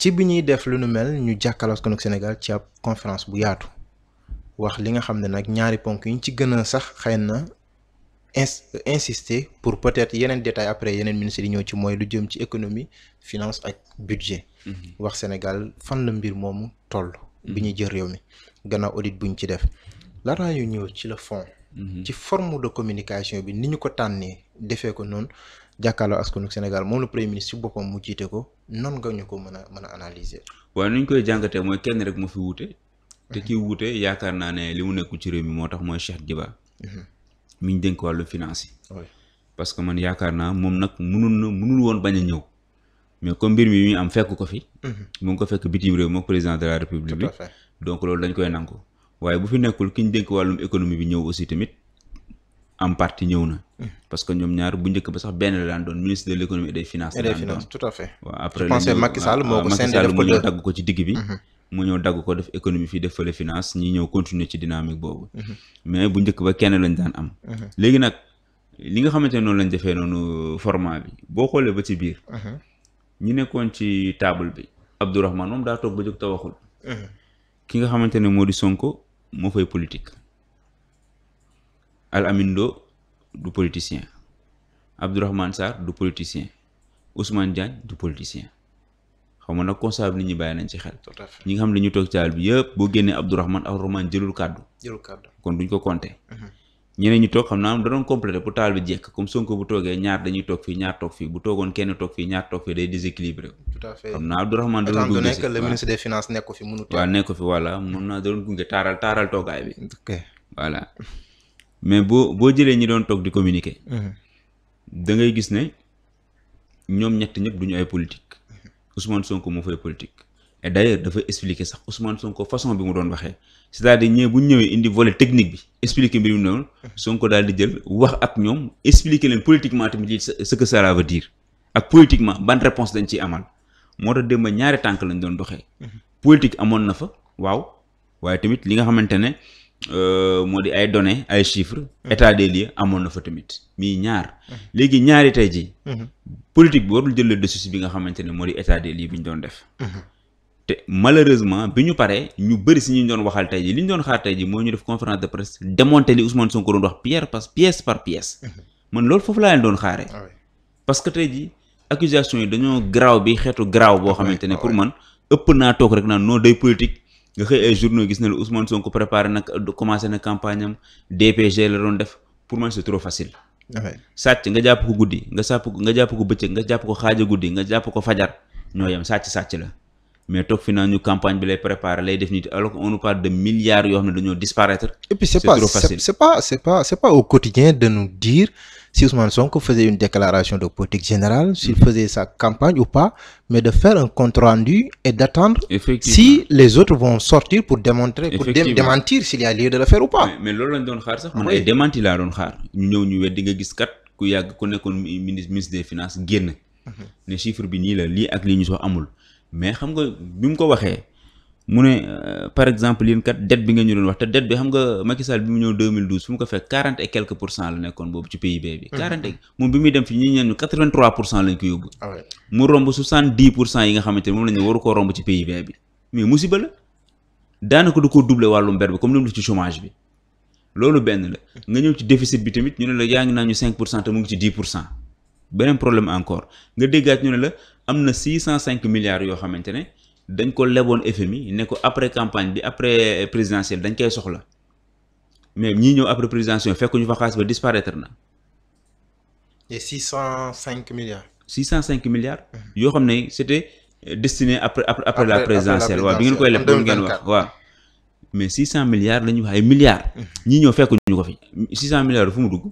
ci bi ñuy def lu nu mel ñu jàkkaarloo askanu Sénégal ci ab conférence bu yaatu wax li nga xam ne nag ñaari ponk yi ñu ci gën a sax xëy na insister pour peut-être yeneen détail après yeneen ministres yi ñëw ci mooy lu jëm ci économie finance ak budget mm-hmm. wax Sénégal fan la mbir moomu toll bi mm-hmm. ñuy jël réew mi gannaaw audit buñ ci def laataa yu ñëw ci le fond Mhm. ci forme de communication bi ni ñu ko tànnee defee ko noonu jàkkaarloo askanu Sénégal moom la premier ministre ci boppam mu jiite ko noonu nga ñu ko mën a mën a analyser. waaye ni ñu koy jàngatee mooy kenn rek moo fi wuute. te kii mhm. wute yaakaar naa ne li mu nekkul ci réew mi moo tax mooy Cheikh Diba. Mhm. mi ñu dénk wàllu finance parce que man yaakaar naa moom nag munul na munul woon bañ a ñëw. mais comme mbir mi mi am fekk ko fi. mu ngi ko fekk bitim réew donc loolu dañ koy nangu. waaye bu fi nekkul ki ñu dénk wàllum économie bi ñëw aussi tamit en partie ñëw na. Hmm. parce que ñoom ñaar bu njëkk ba sax benn la daan doon ministre de l' économie et des finances. et des finances tout à fait. waaw après je pensais moo ko seen def ko dagg ko ci digg bi. Hmm. mu ñëw dagg def finance ñi ñëw continuer ci dynamique boobu. Hmm. mais bu njëkk ba kenn lañu daan am. léegi nag li nga xamante ne noonu lañ defee noonu format bi boo xoolee ba ci biir. ñi nekkoon ci table bi. Abdourahmane moom daa toog ba jóg te waxul. nga xamante ne moo di Sonko. moo fay politique Al Amin Lo du politicien Abdourahmane Sarr du politicien Ousmane Diagne du politicien xaw ma nag constat bi nit ñi bàyyi nañ ci xel. tout à ñi nga xam ne ñu toog caal bi yëpp boo génnee Abdourahmane Abdourahmane jëlul kàddu. jëlul kàddu kon duñ ko compter. Mhm. ñeneen ñi toog xam naa da doon complété pour taal bi jekk comme Sonko bu toogee ñaar dañuy toog fii ñaar toog fii bu toogoon kenn toog fii ñaar toog fii day déséquilibré tout à fait xam naa Abdourahmane da doon gunge étant donné que le ministre taaral taaral toogaay bi ok mais boo boo jëlee ñi doon toog di communiquer mhm. da ngay gis ne ñoom ñett ñëpp duñu ay politique Ousmane Sonko moo fay politique et d'ailleurs dafa expliquer sax Ousmane Sonko façon bi mu doon waxee c'est-à-dire ñee bu ñu ñëwee indi volet technique bi expliquer mbir mi noonu Sonko daal di jël wax ak ñoom expliquer leen politiquement tamit lii ce que ça veut dire ak politiquement ban réponse dañ ciy amal moo tax démb ñaari tànk lañ doon doxee. politique amoon na fa waaw waaye tamit li nga xamante ne euh, moo di ay données ay chiffres. état des lieux amoon na fa tamit mii ñaar. léegi ñaari tey jii. Mhm. politique bi jël le dessus bi nga xamante ne moo di état des lieux bi ñu doon def. Mhm. te malheureusement bi ñu paree ñu bëri si ñu doon waxal tey ji li ñu doon xaar tey ji mooy ñu def conférence de presse démonter li Ousmane Sonko doon wax pierre par pièce par pièce mhm. man loolu foofu laa leen doon xaaree. Ah parce que tey ji accusation yi dañoo garaaw bi xeetu garaaw boo xamante ne pour man ëpp naa toog rek naan noo day politique nga xëy ay journaux gis na la Ousmane Sonko préparé nag commencé na campagne am DPG la doon def pour man c'est trop facile. sàcc nga jàpp ko guddi nga sàpp nga jàpp ko bëccëg nga jàpp ko xaaja guddi nga jàpp ko fajar ñoo yem sàcc sàcc la. mais toog fi naa ñu campagne bi lay préparer lay def nit alors qu'on nous parle de milliards yoo xam ne dañoo disparaître. et c'est pas c'est pas c'est pas au quotidien de nous dire si Ousmane Sonko faisait une déclaration de politique générale s'il mm-hmm. faisait sa campagne ou pas mais de faire un compte rendu et d'attendre si les autres vont sortir pour démontrer démentir s'il y a de le faire ou pas. mais loolu lañ doon xaar sax. man ay démenti laa doon xaar. ñu ñëw ñu weddi nga gis kat ku yàgg ku nekkoon ministre ministre des finances génn. Mm-hmm. ne bi nii lii ak lii ñu amul. mais xam nga bi mu ko waxee mu ne euh, par exemple yéen kat dette bi nga ñu doon wax te dette bi xam nga Macky Sall bi mu ñëw 2012 fu mu ko fekk 40 et quelques pour cent la nekkoon boobu ci PIB bi. Mm-hmm. et moom bi muy dem fi ñu ñaan ñu ko yóbbu. Ah mu romb 70 la daanaka du ko doublé wàllum ber bi comme ni mu ci chômage bi loolu benn la nga ñëw ci déficit bi tamit ñu ne la yaa ngi naan ñu 5 pour cent te mu ngi ci 10 pour cent beneen problème encore nga déggaat ñu ne la. am na cent cinq milliards yoo xamante ne dañ ko leboon FMI ne ko après campagne bi après présidentielle dañ koy soxla mais ñii ñëw après présidentielle fekk ñu fa xaalis ba disparaître na. et cinq milliards. cinq milliards. Mhm. yoo xam ne c' était destiné après après, après la présidentielle waaw bi ngeen koy leb doon ngeen wax waaw. mais 600 milliards la ñuy wax ay milliards. Mhm. ñi ñëw fekk ko fi 600 milliards fu mu dugg.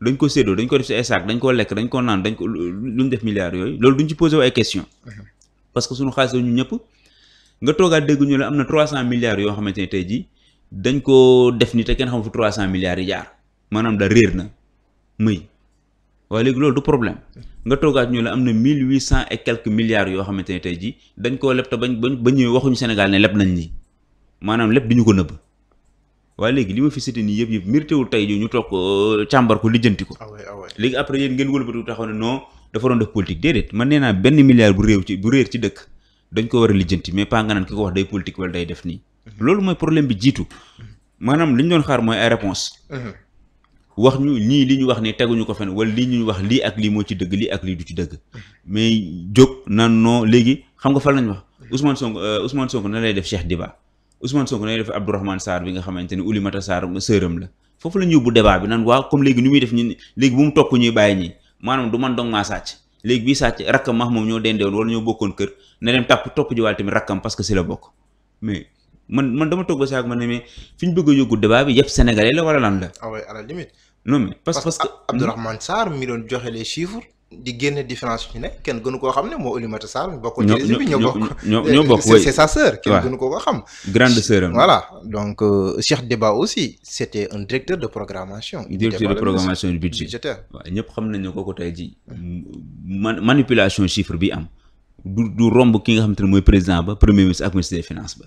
dañ ko séddoo dañ ko def si ay saak dañ ko lekk dañ ko naan dañ ko lu ñu def milliards yooyu loolu duñ ci posé wu ay question parce que suñu xaalis la ñu ñëpp nga toogaat dégg ñu la am na trois cent milliards yoo xamante ne tey jii dañ ko def ni te kenn xamul fu trois cent milliards yi jaar maanaam da réer na muy waaye léegi loolu du nga toogaat ñu la am na mille huit cent et quelques yoo xamante ne tey jii dañ koo leb te bañ bañ ba ñëwee waxuñu Sénégal ne leb nañ ni maanaam leb duñu ko nëbb waa léegi li ma fi cité nii yëpp yëpp mérité wul tey ñu toog euh, càmbar ko lijjanti ko. Ah ah léegi après yéen ngeen wëlbatu taxaw ne non dafa doon def politique déedéet man nee naa benn milliard bu réew ci bu réer ci dëkk dañ ko war a lijjanti mais pas nga naan ki ko wax day politique wala day def nii. Mhm. loolu mooy problème bi jiitu mhm. maanaam li ñu doon xaar mooy ay réponse mhm. wax ñu ñii li ñu wax ne teguñu ko fen wala lii ñuy wax lii ak lii moo ci dëgg lii ak lii du ci dëgg mais jóg naan non léegi xam nga fan lañ wax Ousmane Sonko euh, Ousmane Sonko na lay def Cheikh Diba Ousmane Sonko nay def Abdourahmane Sarr bi nga xamante ne Oulimata Sarr sërëm la foofu la ñu yóbbu débat bi naan waaw comme léegi nu muy def ñun léegi mu topp ñuy bàyyi ñi man man man dama toog ba saag ma ne fi ñu bëgg a yóbbu débat bi yëpp sénégalais la wala lan la. ah oui à la limite. non doon joxe les chiffres. di génne différence yu ci ne kenn gënu koo xam ne moo Oulimata Sarr ñu bokk ci réseau bi ñoo bokk bokk c'est sa sœur kenn gënu koo ko xam grande sœur voilà donc euh, Cheikh Déba aussi c'était un directeur de programmation directeur de programmation du budget budgétaire waaw ñëpp xam nañu ko ko tey ji manipulation chiffre bi am du du romb ki nga xam te ne mooy président ba premier ministre ak ministre des finances ba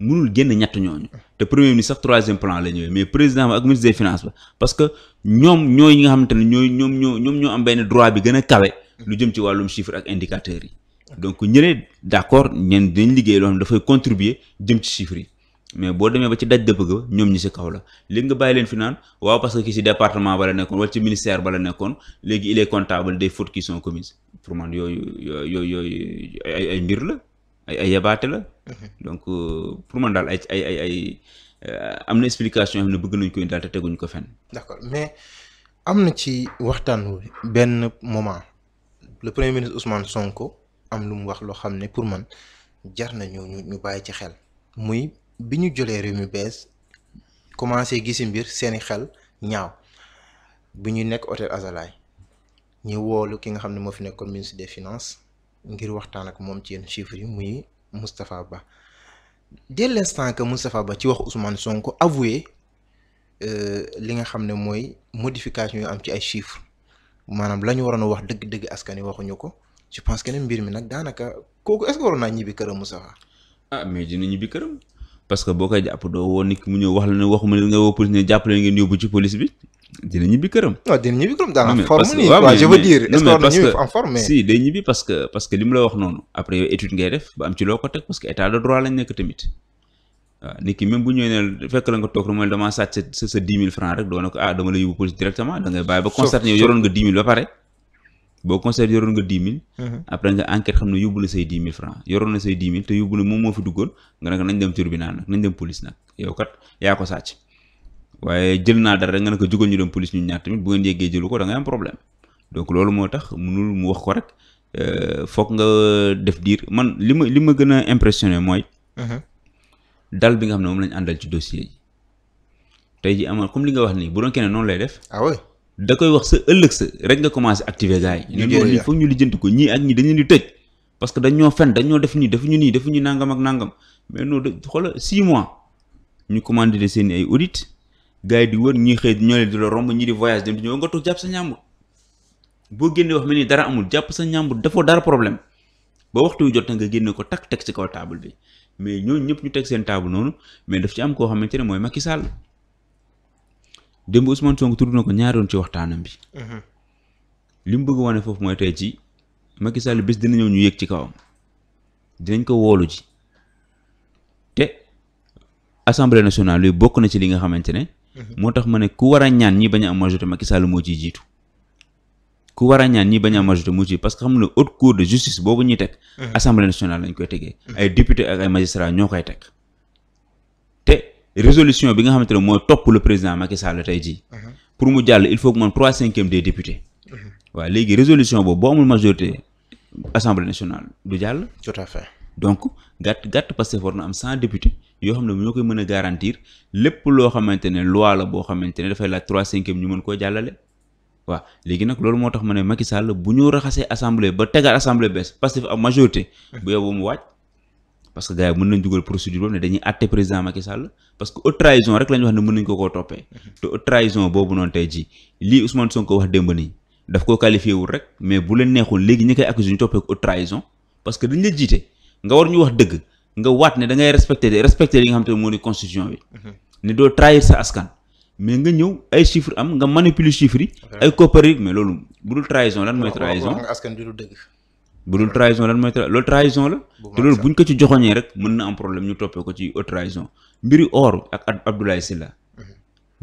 mënul génn ñett ñooñu te premier ministre sax troisième plan la ñëwee mais président ba ak ministre des parce que ñoom ñooy ñi nga ne ñooy ñoom ñoo ñoom ñoo am benn droit bi gën a kawe lu jëm ci wàllum chiffre ak indicateurs yi donc ñëlee d' accord ñen dañ liggéey loo dafay contribuer jëm ci chiffres yi mais boo demee ba ci daj dëpp ñoom ñi si kaw la nga bàyyi leen fi naan waaw parce que kii si département ba la nekkoon wala ci ministère nekkoon léegi il est comptable des fautes qui sont commises pour man yooyu yooyu yooyu ay ay mbir la ay ay yabaate la. Mhm. donc euh, pour man daal ay ay ay ay euh, am na explication yoo xam ne bëgg nañ ko daal te teguñ ko fenn. d'accord mais am na ci waxtaan benn moment le premier ministre Ousmane Sonko am lu mu wax loo xam ne pour man jar nañu ñu ñu bàyyi ci xel muy bi ñu jëlee réew mi bees commencé gisi mbir seeni xel ñaaw bi ñu nekk hôtel Azalaï ñu woolu ki nga xam ne moo fi nekkoon ministre des finance ngir waxtaan ak moom ci yenn chiffres yi muy Moustapha Ba dès l'instant que Moustapha Ba ci wax Ousmane Sonko avoué euh, li nga xam ne mooy modification yu am ci ay chiffres maanaam la ñu waroon a wax dëgg-dëgg askan wi waxuñu ko je pense que ne mbir mi nag daanaka kooku est-ce que waroon naa ñibbi këram Moustapha. ah mais dina ñibbi këram parce que boo koy jàpp doo woo nit ki mu ñëw wax la ne waxuma leen nga woo police ne jàpp leen ngeen yóbbu ci police bi. dina ñibbi këram. non que war na ñibbi en mais parce que parce que li mu la wax noonu après yow étude ngay def ba am ci loo ko teg parce que état de droit lañ nekk tamit waaw nit ki bu ñëwee ne fekk la nga toog rek mooy damaa ah, ba constaté yow nga dix mille ba pare boo constaté yoroon nga dix mille mm-hmm. te yóbbu na moom moo fi duggoon nga ne ko nañ dem tribunal nag nañ dem police nag yaa ko sàcc waaye jël naa dara rek nga ne ko jógal ñu dem police ñu ñaar tamit bu ngeen yeggee jëlu ko da am problème donc loolu moo tax munul mu wax ko rek euh, foog nga def diir man li ma li ma gën a impressionné mooy. Uh-huh. dal bi nga xam ne moom lañ àndal ci dossier yi. tey ji amal comme li nga wax nii bu doon keneen noonu lay def. ah oui da koy wax sa ëllëg sa rek nga commencé activer gars yi. ñu jëlee ñu lijjanti ko ñii ak ñi dañu di tëj. parce que dañoo fen dañoo def nii ñu nii defuñu nangam ak nangam mais non de xoola mois ñu commandé seen i ay audit gars yi di wër ñuy xëy ñoo leen di la romb ñi di voyage dem di ñëw nga toog jàpp sa ñàmbur boo génnee wax mel ni dara amul jàpp sa ñàmbur dafoo dara problème ba waxtu wi jot nga génne ko takk teg ci kaw table bi mais ñooñu ñëpp ñu teg seen table noonu mais daf ci am koo xamante ne mooy Macky Sall démb Ousmane Sonko tudd na ko ñaaroon ci waxtaanam bi. Mhm. li mu bëgg wane foofu mooy tey ci Macky Sall bés dina ñëw ñu yëg ci kawam dinañ ko woolu ji te assemblée nationale bokk na ci li nga xamante ne. Mhm. moo tax ma ne ku war ñaan ñi bañ a am majorité Macky Sall moo ciy jiitu ku war ñaan ñi bañ am majorité moo ciy parce que xam ne haute cour de justice boobu ñuy teg mhm. assemblée nationale lañ koy tegee mhm. ay député ak ay magistrats ñoo koy teg te résolution bi nga xamante ne mooy topp le président Macky Sall tey jii pour mu jàll il faut que moom trois cinquième des députés waaw léegi résolution boobu boo amul majorité assemblée nationale du jàll tout à donc gàtt gàtt parce que war na am cent députés yoo xam ne ñoo koy mën a garantir lépp loo xamante ne loi la boo xamante ne dafay laaj trois cinquième ñu mën koo jàllale waa léegi nag loolu moo tax ma ne Macky Sall bu ñu raxasee assemblée ba tegaat assemblée bees Pastef am majorité bu mu waaj parce que gars yi nañ dugal procédure boobu ne dañuy àtte président Macky Sall parce que haute la ñu wax ne mën nañ ko koo toppee te boobu noonu tey ji lii Ousmane Sonko wax démb nii ko qualifié wul rek mais bu leen léegi ñi koy accusé ñu toppee ko haute parce que dañ la jiite nga war ñu wax dëgg nga waat ne da ngay respecté de respecté li nga xam te ne moo di constitution bi. Mhm. ne doo trahir sa askan. mais nga ñëw ay chiffres am nga manipule chiffres yi. ay coopérative mais loolu bu dul trahison lan mooy. trahison askan bi du dëgg. bu dul trahison lan mooy loolu trahison la. te loolu buñ ko ci joxoñee rek mën na am problème ñu toppee ko ci haute trahison. mbiri or ak Abdoulaye ba mhm.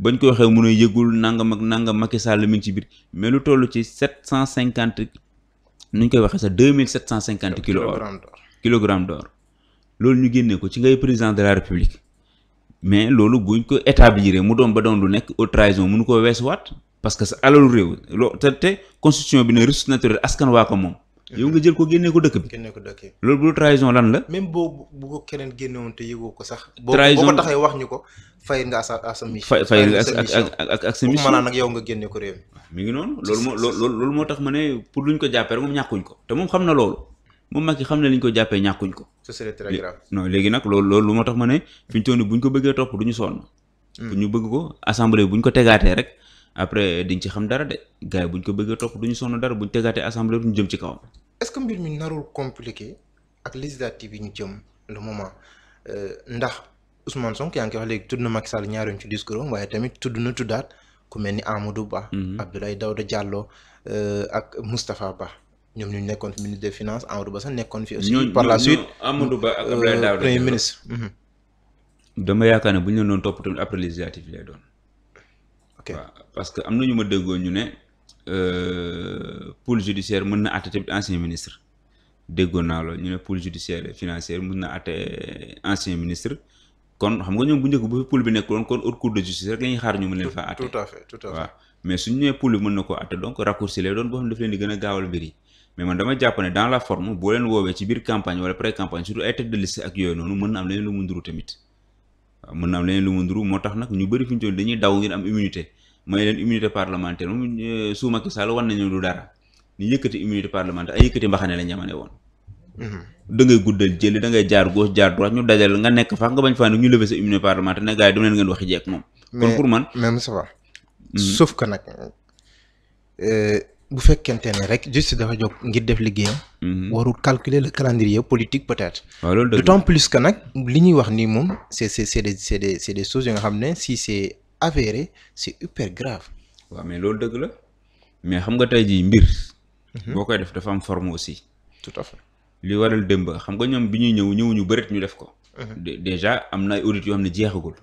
bañ ko waxee mun a yëgul nanga ak nangam Macky Sall mi ngi ci biir mais lu toll ci sept cent cinquante nu ñu koy waxee sax cent cinquante kilo or kilogramme d'or loolu ñu génnee ko ci ngay président de la république mais loolu buñ ko établir mu doom ba doon lu nekk haute trahison mënu ko weesuwaat parce que sa alalu réew loo te te constitution bi askan waa ko moom. yow nga jël ko génne ko dëkk bi. génne ko dëkk bi loolu bu lan la. même boo bu ko keneen génnewoon te yëgoo ko sax. trahison boo ko taxee wax ñu ko fay nga sa sa mission. fay nga ak ak ak sa mission nag yow nga génnee ko réew mi. mi ngi noonu loolu moo loolu moo tax ma ne pour luñ ko jàppee rek moom ñàkkuñ ko te moom xam na loolu. moom Macky xam ne lañ ñu ko jàppee ñàkkuñ ko. ce serait très grave. léegi nag loolu loolu lu ma tax ma ne fi ñu toll nii bu ñu ko bëggee topp du ñu sonn. bu hmm. ñu bëgg ko assemblée bu ñu ko tegaatee rek après diñ ci xam dara de gars yi bu ñu ko bëggee topp du ñu sonn dara bu ñu tegaatee assemblée du ñu jëm ci kawam. est-ce que mbir mi narul compliqué ak législative yi ñu jëm le moment euh, ndax Ousmane Sonko yaa ngi koy wax léegi tudd na Macky Sall ñaar yoon ci discours am waaye tamit tudd na tuddaat ku mel ni Amadou Ba. Hmm. Abdoulaye Daouda Diallo euh, ak Moustapha Ba. ñoom ñu nekkoon fi ministre des finances Amadou Ba sax nekkoon fi. aussi par la suite euh, mhm. dama yaakaar ne bu ñu leen doon toppatoo après législative lay doon. ok waaw que am na ñu ma déggoon ñu ne euh, pôle judiciaire mën na àtte tamit ancien ministre déggoon naa loolu ñu ne pôle judiciaire financière na àtte ancien ministre. kon xam nga ñoom bu njëkk bu fi pool bi nekk woon kon haute cour de justice rek la xaar ñu mën leen fa àtte tout à fait tout à fait waaw mais suñu ñëwee pool bi mën na koo àtte donc raccourci lay di gën a gaawal mbir yi mais man dama jàpp ne dans la forme boo leen woowee ci biir campagne wala pré campagne surtout ay tête de liste ak yooyu noonu mën na am leneen lu mu nduru tamit mën na am leneen lu mu nduru moo tax nag ñu bëri fi ñu toll daw ngir am immunité may leen immunité parlementaire moom euh, su Macky wan nañu du dara ñu yëkkati immunité parlementaire ay yëkkati mbaxane la ñamane woon mhm. da ngay guddal jëli da ngay jaar gauche jaar droite ñu dajal nga nekk fa nga bañ faa ne ñu lever sa immunité parlementaire ne gars yi mhm. nag euh, bu fekkente ne rek juste dafa jóg ngir def liggéeyam. Mhm. warul calculer le calendrier politique peut-être. waaw d'autant plus que nag li ñuy wax nii moom c'est c'est c'est des c'est des nga xam ne si c'est avéré c'est hyper grave. waaw mais loolu dëgg la mais xam nga tey jii mbir. Mhm. boo koy def dafa am forme aussi. tout à fait li waral démb xam nga ñoom bi ñuy ñëw ñëw ñu bëreet ñu def ko. Mhm. déjà am na ay audits yoo xam ne jeexagul.